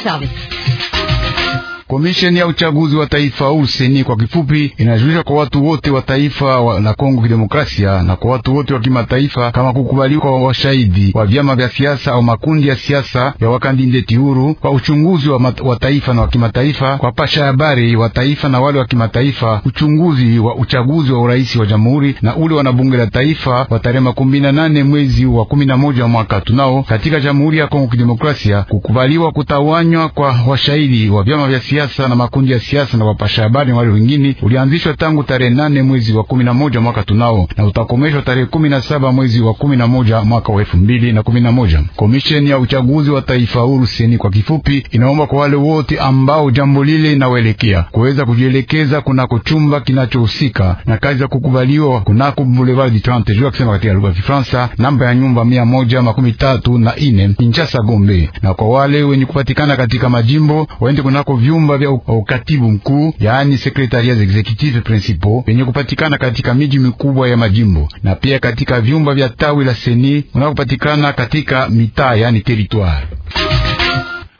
service. Komisheni ya uchaguzi wa taifa au kwa kifupi, inajulisha kwa watu wote wa taifa wa, la Kongo Kidemokrasia na kwa watu wote wa kimataifa kama kukubaliwa kwa washahidi wa vyama vya siasa au makundi ya siasa ya wakandideti huru kwa uchunguzi wa, mat, wa taifa na wa kimataifa, kwa pasha habari wa taifa na wale wa kimataifa, uchunguzi wa uchaguzi wa urais wa jamhuri na ule wana bunge la taifa wa tarehe na nane mwezi wa kumi na moja mwaka tunao katika Jamhuri ya Kongo Kidemokrasia, kukubaliwa kutawanywa kwa washahidi wa vyama vya siasa siasa na makundi ya siasa na wapasha habari na wale wengine ulianzishwa tangu tarehe nane mwezi wa kumi na moja mwaka tunao na utakomeshwa tarehe kumi na saba mwezi wa kumi na moja mwaka wa elfu mbili na kumi na moja. Komisheni ya uchaguzi wa taifa huru seni kwa kifupi inaomba kwa wale wote ambao jambo lile inawaelekea kuweza kujielekeza kunako chumba kinachohusika na kazi za kukubaliwa kunako Boulevard du 30 Juin, akisema katika lugha ya Kifaransa, namba ya nyumba mia moja makumi tatu na ine Kinshasa Gombe, na kwa wale wenye kupatikana katika majimbo waende kunako vyumba vyumba vya ukatibu mkuu, yaani sekretaria executive principal vyenye kupatikana katika miji mikubwa ya majimbo na pia katika vyumba vya tawi la seni unaopatikana katika mitaa, yaani territoire.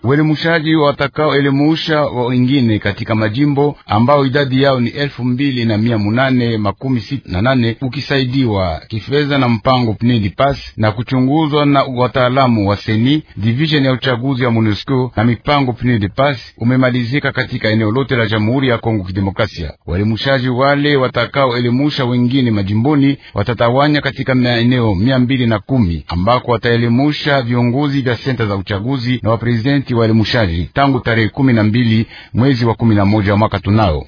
Uelimushaji watakao elimusha wa wengine katika majimbo ambao idadi yao ni elfu mbili na mia munane makumi sita na nane ukisaidiwa kifedha na mpango PNIDI PASS na kuchunguzwa na wataalamu wa seni division ya uchaguzi wa MONUSCO na mipango PNIDI PASS umemalizika katika eneo lote la Jamhuri ya Kongo Kidemokrasia. Waelimushaji wale watakao elimusha wengine majimboni watatawanya katika maeneo mia mbili na kumi ambako wataelimusha viongozi vya senta za uchaguzi na waprezidenti wakati wa elimushaji tangu tarehe kumi na mbili mwezi wa kumi na moja wa mwaka tunao.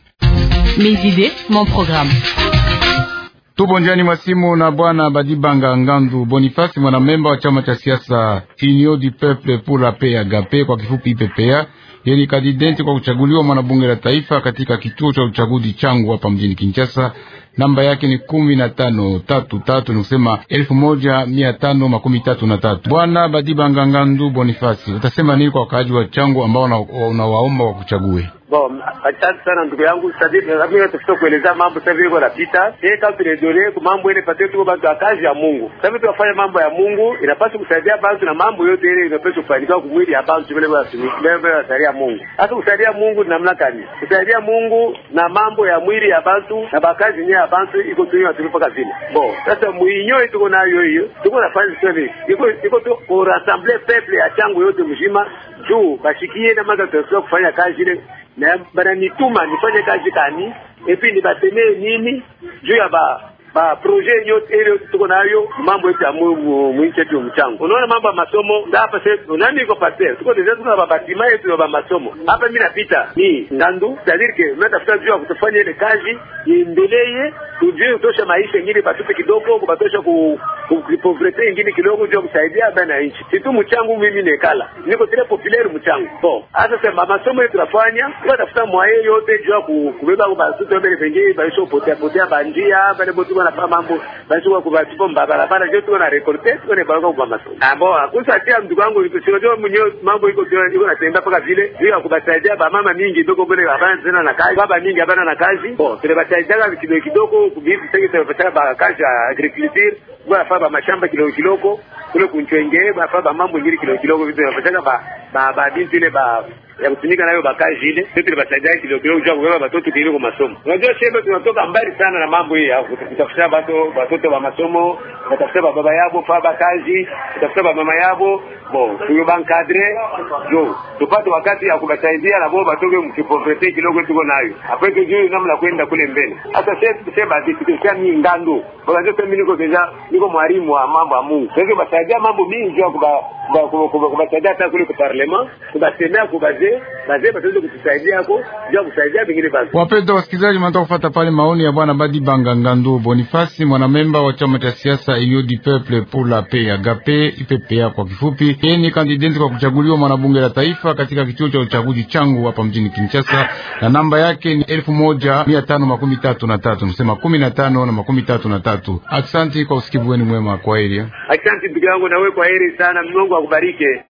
Tupo njiani mwa simu na bwana Badibanga Ngandu Bonifasi, mwanamemba wa chama cha siasa Union du Peuple pour la Paix agape kwa kifupi IPPA, yeye ni kandidenti kwa kuchaguliwa mwanabunge la taifa katika kituo cha uchaguzi changu hapa mjini Kinshasa namba yake ni kumi na tano tatu tatu ni kusema elfu moja mia tano makumi tatu na tatu. Bwana Badiba Ngangandu Bonifasi, utasema nini kwa wakaaji wa Changu ambao unawaomba wakuchague? Bon, asante sana ndugu yangu Sadiri, tufike kuelezea mambo sasa hivi yanapita. Eh, kama tunedole kwa mambo ile patie tuko bantu akazi ya Mungu. Sasa hivi tunafanya mambo ya Mungu, inapaswa kusaidia bantu na mambo yote ile inapaswa kufanikiwa kwa mwili ya bantu vile vile level ya Mungu. Sasa kusaidia Mungu ni namna gani? Kusaidia Mungu na mambo ya mwili ya bantu na bakazi nyaa avance iko tuyo atume paka vile Sasa muinyo tuko nayo hiyo, tuko nafanya service iko iko tu kurassemble peuple ya changu yote mzima juu bashikie na maza tutaweza kufanya kazi ile, na bananituma nifanye kazi kani epi nibatemee nini juu ya ba ba projet yote ile tuko nayo, mambo yetu ya mwinchi yetu mchango. Unaona mambo ya masomo hapa sasa, nani iko pasel tuko deja tuna babatima yetu na masomo hapa. Mimi napita ni ngandu tajiri ke mnatafuta jua kutofanya ile kazi iendelee, tujue utosha maisha ngine batupe kidogo kubatosha ku kukipovretre ingine kidogo juu kusaidia bana nchi. Si mchangu mimi nekala niko tile populeri mchangu so hasa sema masomo yetu tunafanya tunatafuta mwaye yote juu ya kubeba basuto mbele vingine baisho potea potea banjia bale botu na pa mambo basi kwa kubatipo mbarabara jeu tuko na rekolte tuko na baraka kwa masomo ambao ah, ah, hakusa tia mtu wangu sio mwenyewe mambo iko iko natenda paka vile juu ya ba mama mingi ndogo mbele habana tena na kazi baba mingi habana na kazi bon tunabasaidia kidogo kidogo kubizi sasa tunapata ba kazi ya agriculture bafaa ba mashamba kiloko kiloko kule kunchwengere bafaa ba mambo ingine kiloko kiloko vitu vinafanyika ba ba bintu ile ba ya kutumika nayo bakazi ile sote libasaidia kidogo jua kubeba batoto kiile kwa masomo. Unajua shebe tunatoka mbali sana na mambo hii hapo, kutafutia bato batoto ba masomo, kutafutia baba yabo fa bakazi, kutafutia mama yabo bon tuyo bankadre jo tupate wakati ya kubasaidia na bo batoke mkipovrete kidogo tuko nayo hapo hiyo namna kwenda kule mbele. Hata sasa sema tukisema ni ngando, bora sasa mimi niko deja niko mwalimu wa mambo ya Mungu, sasa basaidia mambo mingi ya kubasaidia hata kule kwa parlement, kubasemea kubazi wapate bazee bataweza kutusaidia hapo jua kusaidia vingine. Basi wapenda wasikilizaji, mnataka kufuata pale maoni ya bwana Badibanga Ngandu Bonifasi, mwanamemba wa chama cha siasa Union Peuple pour la Paix agape IPPA kwa kifupi. Yeye ni kandidati kwa kuchaguliwa mwanabunge la taifa katika kituo cha uchaguzi changu hapa mjini Kinshasa, na namba yake ni elfu moja mia tano makumi tatu na tatu nasema kumi na tano na makumi tatu na tatu. Asante kwa usikivu wenu mwema, kwa heri. Asante ndugu yangu, na wewe kwa heri sana, Mungu akubariki.